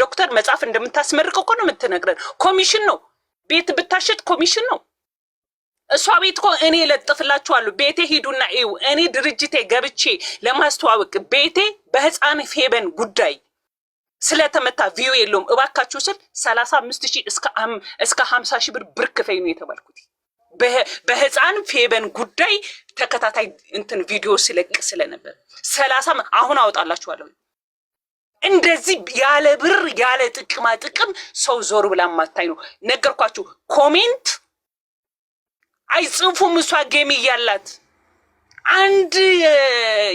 ዶክተር መጽሐፍ እንደምታስመርቅ እኮ ነው የምትነግረን። ኮሚሽን ነው ቤት ብታሸጥ ኮሚሽን ነው። እሷ ቤት እኮ እኔ ለጥፍላችኋለሁ። ቤቴ ሂዱና እዩ። እኔ ድርጅቴ ገብቼ ለማስተዋወቅ ቤቴ በህፃን ፌበን ጉዳይ ስለተመታ ቪዩ የለውም እባካችሁ ስል ሰላሳ አምስት ሺህ እስከ ሀምሳ ሺህ ብር ብር ክፈይ ነው የተባልኩት። በህፃን ፌበን ጉዳይ ተከታታይ እንትን ቪዲዮ ስለቅ ስለነበር ሰላሳ አሁን አወጣላችኋለሁ። እንደዚህ ያለ ብር ያለ ጥቅማ ጥቅም ሰው ዞር ብላ ማታይ ነው። ነገርኳችሁ። ኮሜንት አይጽፉም። እሷ ጌም እያላት አንድ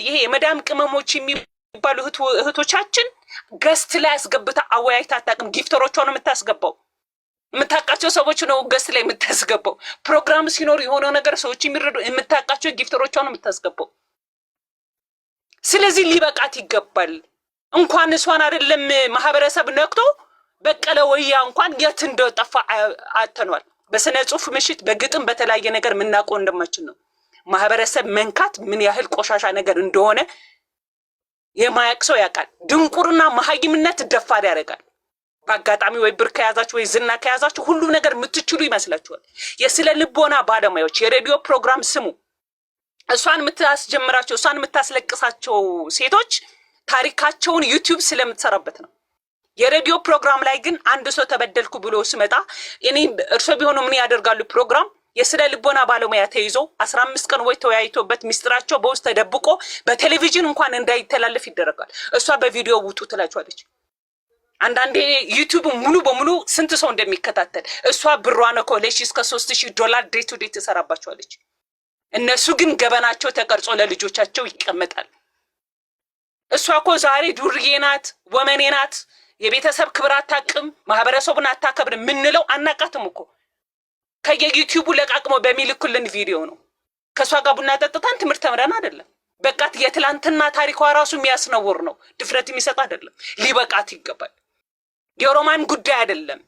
ይሄ የመዳም ቅመሞች የሚባሉ እህቶቻችን ገስት ላይ አስገብታ አወያይታ አታውቅም። ጊፍተሮቿ ነው የምታስገባው። የምታውቃቸው ሰዎች ነው ገስት ላይ የምታስገባው። ፕሮግራም ሲኖር የሆነው ነገር ሰዎች የሚረዱ የምታውቃቸው ጊፍተሮቿ ነው የምታስገባው። ስለዚህ ሊበቃት ይገባል። እንኳን እሷን አይደለም ማህበረሰብ ነክቶ በቀለ ወያ እንኳን የት እንደጠፋ አተኗል። በስነ ጽሁፍ ምሽት በግጥም በተለያየ ነገር የምናውቀው ወንድማችን ነው። ማህበረሰብ መንካት ምን ያህል ቆሻሻ ነገር እንደሆነ የማያቅ ሰው ያውቃል። ድንቁርና መሀይምነት ደፋር ያደርጋል። በአጋጣሚ ወይ ብር ከያዛችሁ ወይ ዝና ከያዛችሁ ሁሉ ነገር የምትችሉ ይመስላችኋል። የስለ ልቦና ባለሙያዎች የሬዲዮ ፕሮግራም ስሙ። እሷን የምታስጀምራቸው እሷን የምታስለቅሳቸው ሴቶች ታሪካቸውን ዩቲዩብ ስለምትሰራበት ነው። የሬዲዮ ፕሮግራም ላይ ግን አንድ ሰው ተበደልኩ ብሎ ስመጣ እኔ እርሶ ቢሆኑ ምን ያደርጋሉ? ፕሮግራም የስነ ልቦና ባለሙያ ተይዞ አስራ አምስት ቀን ወይ ተወያይቶበት ሚስጥራቸው በውስጥ ተደብቆ በቴሌቪዥን እንኳን እንዳይተላለፍ ይደረጋል። እሷ በቪዲዮ ውጡ ትላቸዋለች። አንዳንዴ ዩቲዩብ ሙሉ በሙሉ ስንት ሰው እንደሚከታተል እሷ ብሯን ለሺ እስከ ሶስት ሺህ ዶላር ዴይ ቱ ዴይ ትሰራባቸዋለች። እነሱ ግን ገበናቸው ተቀርጾ ለልጆቻቸው ይቀመጣል። እሷ እኮ ዛሬ ዱርዬ ናት፣ ወመኔ ናት፣ የቤተሰብ ክብር አታቅም፣ ማህበረሰቡን አታከብር የምንለው አናቃትም እኮ ከየዩቲዩቡ ለቃቅሞ በሚልኩልን ቪዲዮ ነው። ከእሷ ጋር ቡና ጠጥታን ትምህርት ተምረን አይደለም። በቃት የትላንትና ታሪኳ ራሱ የሚያስነውር ነው። ድፍረት የሚሰጥ አይደለም። ሊበቃት ይገባል። የሮማን ጉዳይ አይደለም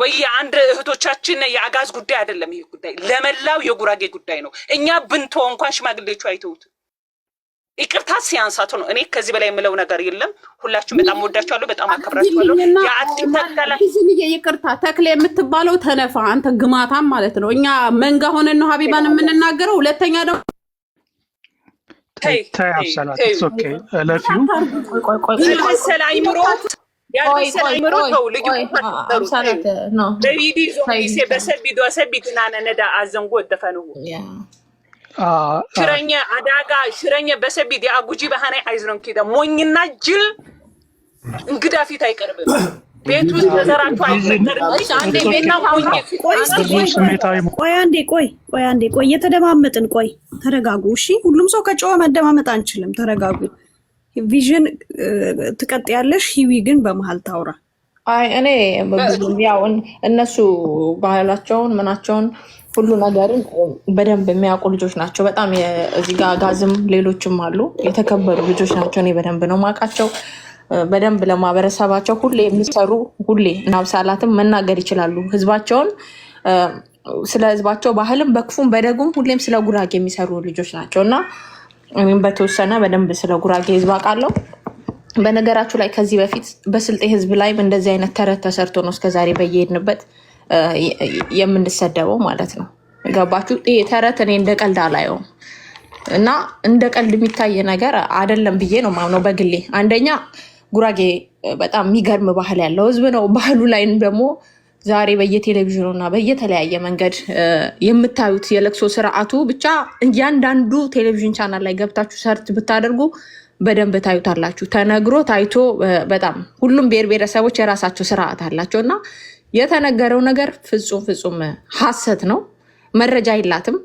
ወይ የአንድ እህቶቻችን የአጋዝ ጉዳይ አይደለም። ይህ ጉዳይ ለመላው የጉራጌ ጉዳይ ነው። እኛ ብንቶ እንኳን ሽማግሌቹ አይተውት ይቅርታ ሲያንሳቱ ነው። እኔ ከዚህ በላይ የምለው ነገር የለም። ሁላችሁም በጣም ወዳችኋለሁ፣ በጣም አከብራችኋለሁ። ይቅርታ ተክሌ የምትባለው ተነፋ፣ አንተ ግማታም ማለት ነው። እኛ መንጋ ሆነን ነው ሀቢባን የምንናገረው። ሁለተኛ ደግሞ ያልበሰለ Uh, ሽረኛ አዳጋ ሽረኛ በሰቢት የአጉጂ በሃናይ አይዝነው ኪደ ሞኝና ጅል እንግዳ ፊት አይቀርብም። ቤት ውስጥ ተዘራችሁ አይቀርብም። ቆይ አንዴ ቆይ ቆይ አንዴ ቆይ እየተደማመጥን ቆይ፣ ተረጋጉ። እሺ ሁሉም ሰው ከጨዋ መደማመጥ አንችልም። ተረጋጉ። ቪዥን ትቀጥያለሽ፣ ሂዊ ግን በመሀል ታውራ አይ እኔ ያው እነሱ ባህላቸውን ምናቸውን ሁሉ ነገርን በደንብ የሚያውቁ ልጆች ናቸው። በጣም እዚህ ጋር ጋዝም ሌሎችም አሉ የተከበሩ ልጆች ናቸው። እኔ በደንብ ነው ማውቃቸው። በደንብ ለማህበረሰባቸው ሁሌ የሚሰሩ ሁሌ ናብሳላትም መናገር ይችላሉ። ህዝባቸውን ስለ ህዝባቸው ባህልም በክፉም በደጉም ሁሌም ስለ ጉራጌ የሚሰሩ ልጆች ናቸው እና እኔም በተወሰነ በደንብ ስለ ጉራጌ ህዝብ አውቃለሁ። በነገራችሁ ላይ ከዚህ በፊት በስልጤ ህዝብ ላይ እንደዚህ አይነት ተረት ተሰርቶ ነው እስከዛሬ በየሄድንበት የምንሰደበው ማለት ነው። ገባችሁ? ተረት እኔ እንደ ቀልድ አላየውም እና እንደ ቀልድ የሚታይ ነገር አይደለም ብዬ ነው ማምነው በግሌ። አንደኛ ጉራጌ በጣም የሚገርም ባህል ያለው ህዝብ ነው። ባህሉ ላይ ደግሞ ዛሬ በየቴሌቪዥኑ እና በየተለያየ መንገድ የምታዩት የለቅሶ ስርዓቱ ብቻ እያንዳንዱ ቴሌቪዥን ቻናል ላይ ገብታችሁ ሰርች ብታደርጉ በደንብ ታዩታላችሁ። ተነግሮ ታይቶ በጣም ሁሉም ብሔር ብሔረሰቦች የራሳቸው ስርዓት አላቸው እና የተነገረው ነገር ፍጹም ፍጹም ሀሰት ነው። መረጃ የላትም።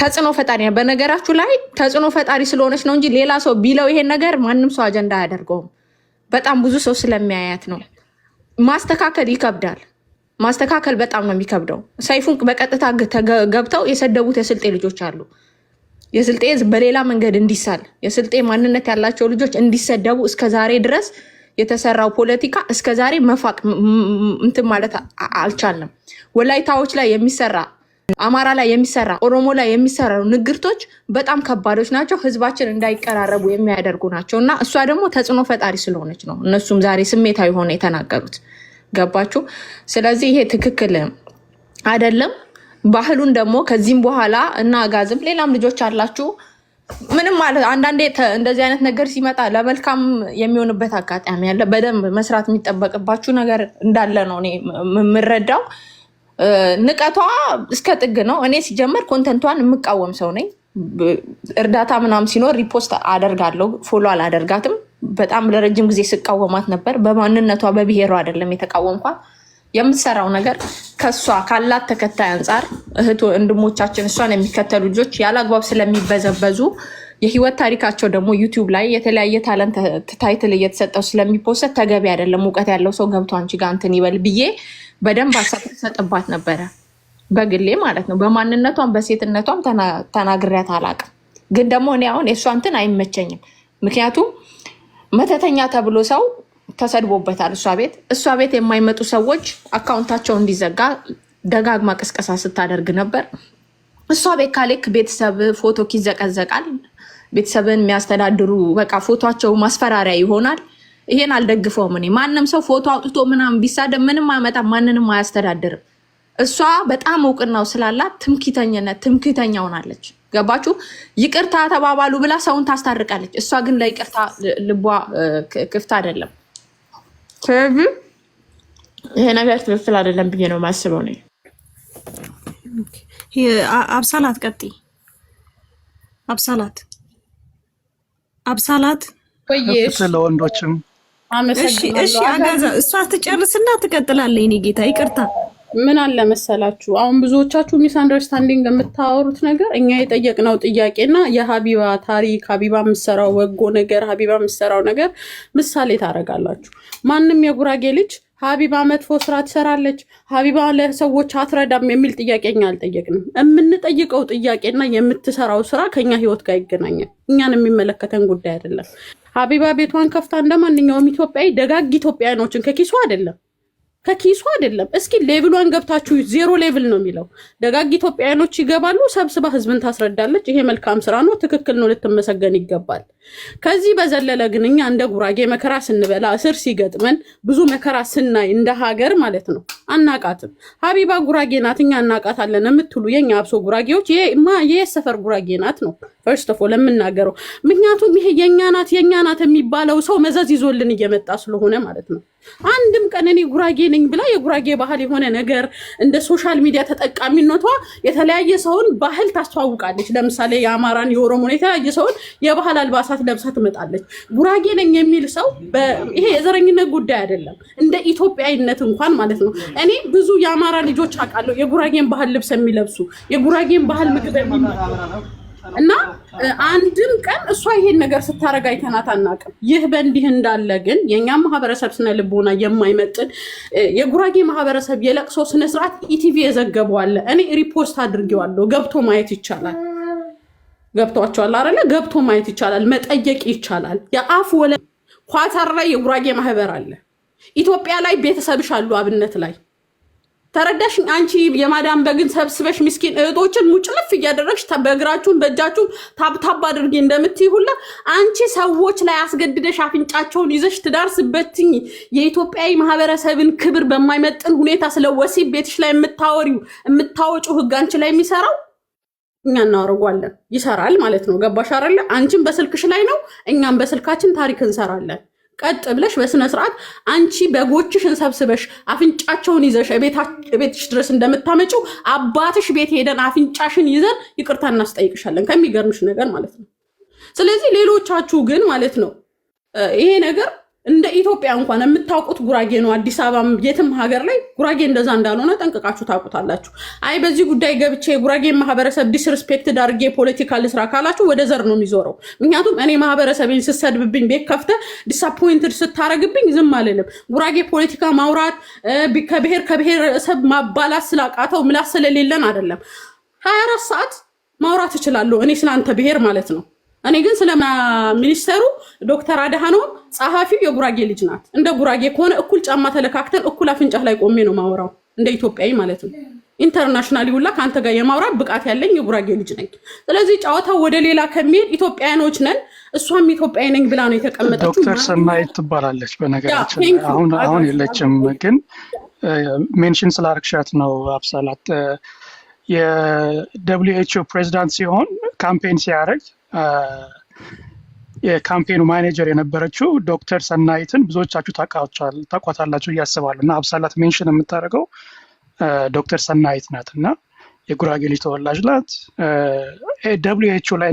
ተጽዕኖ ፈጣሪ በነገራችሁ ላይ ተጽዕኖ ፈጣሪ ስለሆነች ነው እንጂ ሌላ ሰው ቢለው ይሄን ነገር ማንም ሰው አጀንዳ አያደርገውም። በጣም ብዙ ሰው ስለሚያያት ነው። ማስተካከል ይከብዳል። ማስተካከል በጣም ነው የሚከብደው። ሰይፉን በቀጥታ ገብተው የሰደቡት የስልጤ ልጆች አሉ። የስልጤ በሌላ መንገድ እንዲሳል የስልጤ ማንነት ያላቸው ልጆች እንዲሰደቡ እስከ ዛሬ ድረስ የተሰራው ፖለቲካ እስከዛሬ መፋቅ እንትን ማለት አልቻለም። ወላይታዎች ላይ የሚሰራ አማራ ላይ የሚሰራ ኦሮሞ ላይ የሚሰራ ንግርቶች በጣም ከባዶች ናቸው። ህዝባችን እንዳይቀራረቡ የሚያደርጉ ናቸው እና እሷ ደግሞ ተጽዕኖ ፈጣሪ ስለሆነች ነው እነሱም ዛሬ ስሜታዊ ሆነ የተናገሩት። ገባችሁ? ስለዚህ ይሄ ትክክል አይደለም። ባህሉን ደግሞ ከዚህም በኋላ እና አጋዝም ሌላም ልጆች አላችሁ ምንም ማለት አንዳንዴ እንደዚህ አይነት ነገር ሲመጣ ለመልካም የሚሆንበት አጋጣሚ ያለ በደንብ መስራት የሚጠበቅባችሁ ነገር እንዳለ ነው እኔ የምረዳው። ንቀቷ እስከ ጥግ ነው። እኔ ሲጀመር ኮንተንቷን የምቃወም ሰው ነኝ። እርዳታ ምናምን ሲኖር ሪፖስት አደርጋለሁ፣ ፎሎ አላደርጋትም። በጣም ለረጅም ጊዜ ስቃወማት ነበር። በማንነቷ በብሔሯ አይደለም የተቃወምኳት። የምትሰራው ነገር ከእሷ ካላት ተከታይ አንጻር እህት ወንድሞቻችን እሷን የሚከተሉ ልጆች ያለአግባብ ስለሚበዘበዙ የህይወት ታሪካቸው ደግሞ ዩቲዩብ ላይ የተለያየ ታለንት ታይትል እየተሰጠው ስለሚፖሰት ተገቢ አይደለም። እውቀት ያለው ሰው ገብቶ አንቺ ጋር እንትን ይበል ብዬ በደንብ ሀሳብ ተሰጥባት ነበረ። በግሌ ማለት ነው። በማንነቷም በሴትነቷም ተናግሪያት አላቅም ግን ደግሞ እኔ አሁን የእሷ እንትን አይመቸኝም። ምክንያቱም መተተኛ ተብሎ ሰው ተሰድቦበታል። እሷ ቤት እሷ ቤት የማይመጡ ሰዎች አካውንታቸው እንዲዘጋ ደጋግማ ቅስቀሳ ስታደርግ ነበር። እሷ ቤት ካሌክ ቤተሰብ ፎቶ ይዘቀዘቃል። ቤተሰብን የሚያስተዳድሩ በቃ ፎቶቸው ማስፈራሪያ ይሆናል። ይሄን አልደግፈውም እኔ። ማንም ሰው ፎቶ አውጥቶ ምናምን ቢሳደብ ምንም አያመጣም፣ ማንንም አያስተዳድርም። እሷ በጣም እውቅናው ስላላት ትምክህተኝነት ትምክህተኛ ሆናለች። ገባችሁ? ይቅርታ ተባባሉ ብላ ሰውን ታስታርቃለች። እሷ ግን ለይቅርታ ልቧ ክፍት አይደለም። ስለዚህ ይሄ ነገር ትክክል አይደለም ብዬ ነው የማስበው። ነው አብሳላት ቀጥ አብሳላት አብሳላት ለወንዶችም እሺ፣ እሺ። እሷ ትጨርስና ትቀጥላለች። ጌታ ይቅርታ ምን አለ መሰላችሁ፣ አሁን ብዙዎቻችሁ ሚስ አንደርስታንዲንግ የምታወሩት ነገር እኛ የጠየቅነው ጥያቄና የሀቢባ ታሪክ ሀቢባ የምሰራው ወጎ ነገር ሀቢባ የምሰራው ነገር ምሳሌ ታደርጋላችሁ። ማንም የጉራጌ ልጅ ሀቢባ መጥፎ ስራ ትሰራለች፣ ሀቢባ ለሰዎች አትረዳም የሚል ጥያቄ እኛ አልጠየቅንም። የምንጠይቀው ጥያቄና የምትሰራው ስራ ከኛ ህይወት ጋር ይገናኛል። እኛን የሚመለከተን ጉዳይ አይደለም። ሀቢባ ቤቷን ከፍታ እንደ ማንኛውም ኢትዮጵያዊ ደጋግ ኢትዮጵያውያኖችን ከኪሱ አይደለም ከኪሱ አይደለም። እስኪ ሌቭሏን ገብታችሁ ዜሮ ሌቭል ነው የሚለው። ደጋግ ኢትዮጵያውያኖች ይገባሉ። ሰብስባ ህዝብን ታስረዳለች። ይሄ መልካም ስራ ነው፣ ትክክል ነው፣ ልትመሰገን ይገባል። ከዚህ በዘለለ ግን እኛ እንደ ጉራጌ መከራ ስንበላ፣ እስር ሲገጥመን፣ ብዙ መከራ ስናይ እንደ ሀገር ማለት ነው አናቃትም። ሀቢባ ጉራጌ ናት፣ እኛ እናቃታለን የምትሉ የኛ አብሶ ጉራጌዎች የሰፈር ጉራጌ ናት ነው ፈርስት ኦፍ ኦል የምናገረው። ምክንያቱም ይሄ የኛ ናት የኛ ናት የሚባለው ሰው መዘዝ ይዞልን እየመጣ ስለሆነ ማለት ነው። አንድም ቀን እኔ ጉራጌ ነኝ ብላ የጉራጌ ባህል የሆነ ነገር እንደ ሶሻል ሚዲያ ተጠቃሚነቷ የተለያየ ሰውን ባህል ታስተዋውቃለች። ለምሳሌ የአማራን፣ የኦሮሞን የተለያየ ሰውን የባህል አልባሳት ለብሳ ትመጣለች። ጉራጌ ነኝ የሚል ሰው ይሄ የዘረኝነት ጉዳይ አይደለም፣ እንደ ኢትዮጵያዊነት እንኳን ማለት ነው እኔ ብዙ የአማራ ልጆች አውቃለሁ የጉራጌን ባህል ልብስ የሚለብሱ የጉራጌን ባህል ምግብ እና አንድም ቀን እሷ ይሄን ነገር ስታረግ አይተናት አናውቅም። ይህ በእንዲህ እንዳለ ግን የእኛ ማህበረሰብ ስነ ልቦና የማይመጥን የጉራጌ ማህበረሰብ የለቅሶ ስነስርዓት ኢቲቪ የዘገበው እኔ ሪፖስት አድርጌዋለሁ። ገብቶ ማየት ይቻላል። ገብቷቸዋል አለ። ገብቶ ማየት ይቻላል። መጠየቅ ይቻላል። የአፍ ወለ ኳታር ላይ የጉራጌ ማህበር አለ። ኢትዮጵያ ላይ ቤተሰብሽ አሉ አብነት ላይ ተረዳሽ? አንቺ የማዳም በግን ሰብስበሽ ምስኪን እህቶችን ሙጭልፍ እያደረግሽ በእግራችሁን በእጃችሁን ታብታብ አድርጊ እንደምትይ ሁላ አንቺ ሰዎች ላይ አስገድደሽ አፍንጫቸውን ይዘሽ ትዳርስበትኝ የኢትዮጵያዊ ማህበረሰብን ክብር በማይመጥን ሁኔታ ስለ ወሲብ ቤትሽ ላይ የምታወሪው የምታወጩ ህግ አንቺ ላይ የሚሰራው እኛ እናወርጓለን፣ ይሰራል ማለት ነው። ገባሽ አይደለ? አንቺም በስልክሽ ላይ ነው፣ እኛም በስልካችን ታሪክ እንሰራለን። ቀጥ ብለሽ በስነ ስርዓት አንቺ በጎችሽን ሰብስበሽ አፍንጫቸውን ይዘሽ ቤትሽ ድረስ እንደምታመጪው አባትሽ ቤት ሄደን አፍንጫሽን ይዘን ይቅርታ እናስጠይቅሻለን። ከሚገርምሽ ነገር ማለት ነው። ስለዚህ ሌሎቻችሁ ግን ማለት ነው ይሄ ነገር እንደ ኢትዮጵያ እንኳን የምታውቁት ጉራጌ ነው። አዲስ አበባ የትም ሀገር ላይ ጉራጌ እንደዛ እንዳልሆነ ጠንቅቃችሁ ታውቁታላችሁ። አይ በዚህ ጉዳይ ገብቼ የጉራጌ ማህበረሰብ ዲስርስፔክት ዳርጌ ፖለቲካ ልስራ ካላችሁ ወደ ዘር ነው የሚዞረው። ምክንያቱም እኔ ማህበረሰብን ስሰድብብኝ ቤት ከፍተ ዲስአፖይንትድ ስታረግብኝ ዝም አልልም። ጉራጌ ፖለቲካ ማውራት ከብሔር ከብሔረሰብ ማባላት ስላቃተው ምላስ ስለሌለን አይደለም። ሀያ አራት ሰዓት ማውራት እችላለሁ እኔ ስለአንተ ብሔር ማለት ነው እኔ ግን ስለ ሚኒስተሩ ዶክተር አድሃኖም ጸሐፊው የጉራጌ ልጅ ናት። እንደ ጉራጌ ከሆነ እኩል ጫማ ተለካክተን እኩል አፍንጫህ ላይ ቆሜ ነው ማወራው፣ እንደ ኢትዮጵያዊ ማለት ነው። ኢንተርናሽናል ይውላ ከአንተ ጋር የማውራት ብቃት ያለኝ የጉራጌ ልጅ ነኝ። ስለዚህ ጨዋታው ወደ ሌላ ከሚሄድ ኢትዮጵያኖች ነን። እሷም ኢትዮጵያዊ ነኝ ብላ ነው የተቀመጠችው። ዶክተር ሰናይት ትባላለች። በነገራችን አሁን አሁን የለችም፣ ግን ሜንሽን uh, ስላረግሻት ነው አብሳላት uh, የደብሊው ኤች ኦ ፕሬዚዳንት ሲሆን ካምፔን ሲያደርግ የካምፔኑ ማኔጀር የነበረችው ዶክተር ሰናይትን ብዙዎቻችሁ ታቋታላችሁ እያስባሉ እና አብሳላት ሜንሽን የምታደርገው ዶክተር ሰናይት ናት እና የጉራጌ ልጅ ተወላጅ ናት ኤች ላይ